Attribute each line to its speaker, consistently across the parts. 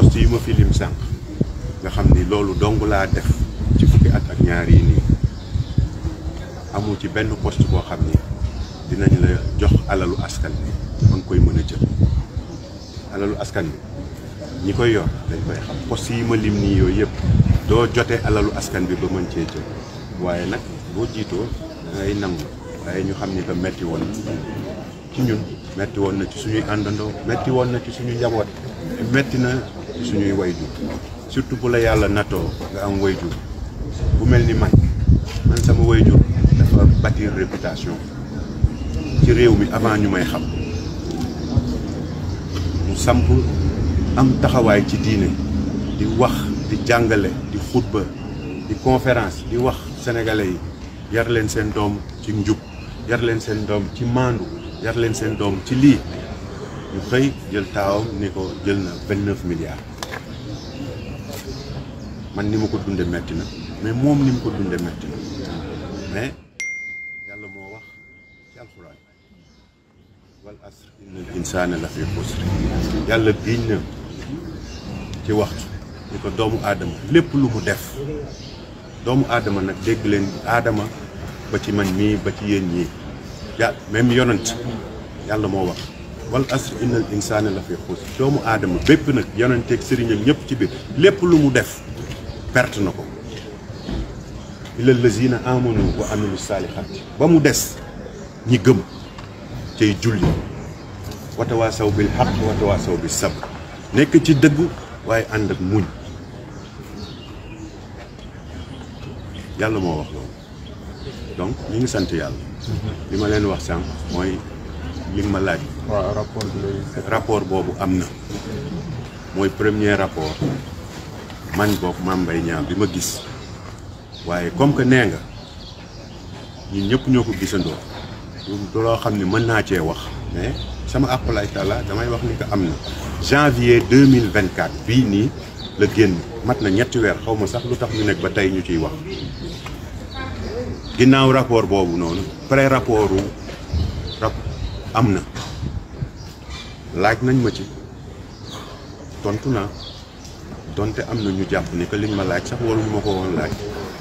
Speaker 1: poste yi ma fi lim sànq nga xam ni loolu dong laa def ci fukki at ak ñaar yi nii amul ci benn poste boo xam ni dinañ la jox alalu askan bi ba nga koy mën a jël alalu askan bi ñi koy yor dañ koy xam poste yi ma lim nii yooyu yëpp doo jote alalu askan bi ba mën cee jël waaye nag boo jiitoo dangay nangu waaye ñu xam ni que metti woon na ci ñun metti woon na ci suñuy àndandoo metti woon na ci suñu njaboot metti na suñuy surtout bu la yalla nous nga am wayju bu melni man man sama dafa bâtir réputation ci réew avant ñu xam mu samp am taxaway ci diiné di wax di jàngale di di conférence di wax sénégalais yi yar leen seen doom ci njub yar leen ñu xëy jël taawam ni ko jël na vingt neuf man ni ma ko dunde metti na mais moom ni mu ko dunde metti na mais yàlla moo wax ci alxuraan wal asr innal insaana la fi xusr yàlla giñ na ci waxtu ni ko doomu aadama lépp lu mu def doomu aadama nag dégg leen aadama ba ci man mii ba ci yéen ñii yàlla même yonent yàlla moo wax wal asri innal insaana la fi xuus doomu aadama bépp nag yonenteeg sëriñam ñëpp ci biir lépp lu mu def perte na ko illa lazina amanu wa amilu saalihaat ba mu des ñi gëm tey julli watawaasaw bil xaq watawaasaw bi sabr nekk ci dëgg waaye ànd ak muñ yàlla moo wax loolu donc ñu ngi sant yàlla li ma leen wax sànq mooy li ma laaj rapport boobu am na mooy premier rapport man bokk Mame ñaam bi ma gis waaye comme que nee nga ñun ñëpp ñoo ko gisandoo du loo xam ne mën naa cee wax mais sama àqulaay taala damay wax ni ko am na janvier 2024 bii nii la génn mat na ñetti weer xaw ma sax lu tax ñu nekk ba tey ñu ciy wax ginnaaw rapport boobu noonu pré rapport am na laaj nañ ma ci tontu naa doonte am na ñu jàpp ni que liñ ma laaj sax waruñu ma ko woon laaj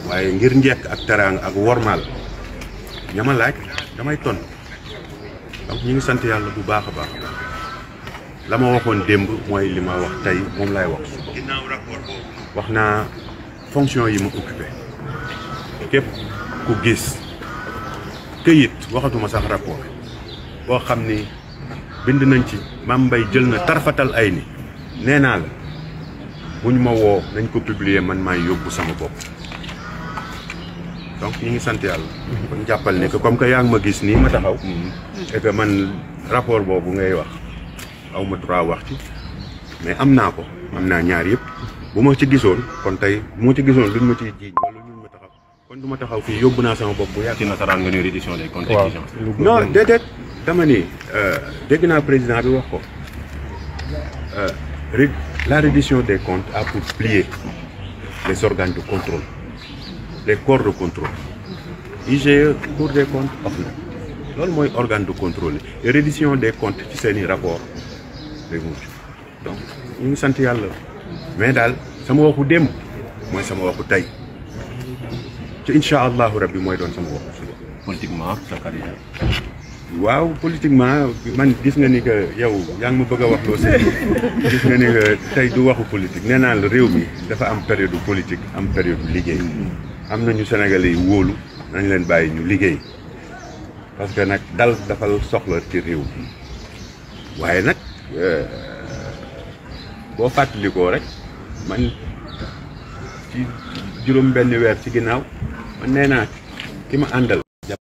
Speaker 1: waaye ngir njekk ak teraanga ak wormaal ñama laaj damay tontu donc ñu ngi sant yàlla bu baax a baax la ma waxoon démb mooy li ma wax tey moom laay wax wax naa fonction yi ma occupé képp ku gis këyit waxatuma sax rapport boo xam ni bind nañ ci Mame mbay jël na tarfatal ay ni nee naa la bu ñu ma woo nañ ko publier man maay yóbbu sama bopp donc ñu ngi sant yàlla kon jàppal ne que comme que yaa ngi ma gis nii ma taxaw mm-hmm. et que man rapport boobu ngay wax aw ma trois wax ci mais am naa ko am naa ñaar yëpp bu ma ci gisoon kon tey bu ma ci gisoon luñ ma ciy jiiñ wala luñ ma taxaw kon du ma taxaw fii yóbbu naa sama bopp bu yàgg ci nasaraan nga ne reddition des comptes non dama ni euh, dégg naa président bi wax ko euh, la reddition des comptes a pour plier les organes de contrôle les corps de contrôle IGE Cour des comptes wax na loolu mooy organe de contrôle et reddition des comptes ci seeni rapport lay rapport. donc ñu ngi sant yàlla mais daal sama waxu démb mooy sama waxu tey ci incha allahu rabbi mooy doon sama waxu suba politiquement sa carrière waaw politiquement man gis nga ni que yow yaa ngi ma bëgg a wax loo si gis nga ni que tey du waxu politique nee naa la réew mi dafa am période politique am période liggéey dal dafa soxla ci réew mi waaye nag euh, boo man ci juróom benn weer ci ginnaaw man nee naa ki